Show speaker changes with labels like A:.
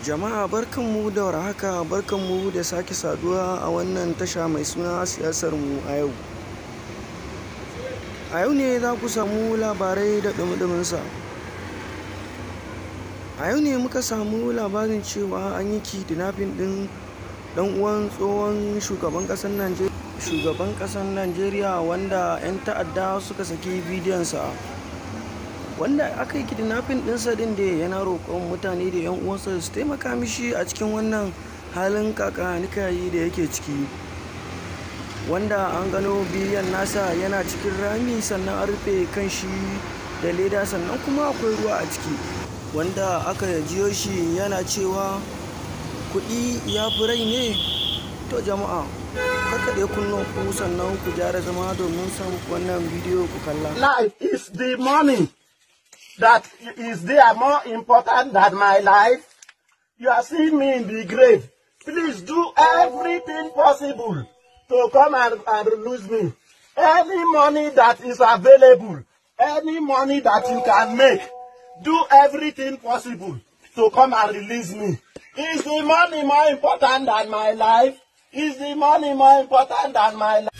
A: jama'a barkanmu da warhaka barkanmu da sake saduwa a wannan tasha mai suna siyasar mu a yau a yau ne za ku samu labarai da sa a yau ne muka samu labarin cewa an yi kidnapping ɗin ɗan uwan tsohon shugaban ƙasar najeriya wanda 'yan ta'adda suka saki bidiyon sa. wanda aka yi kidnapping ɗinsa din da yana roƙon mutane da yan uwansa su taimaka mishi a cikin wannan halin kakanikayi da yake ciki wanda an gano biyan nasa yana cikin rami sannan an rufe kan shi da leda sannan kuma akwai ruwa a ciki wanda aka jiyo shi yana cewa kuɗi ya fi rai ne to jama'a kakkaɗe kunnen ku sannan ku gyara zama domin samun wannan bidiyo ku kalla life
B: is the money that is there more important than my life? You are seeing me in the grave. Please do everything possible to come and, and release me. Any money that is available, any money that you can make, do everything possible to come and release me. Is the money more important than my life? Is the money more important than my life?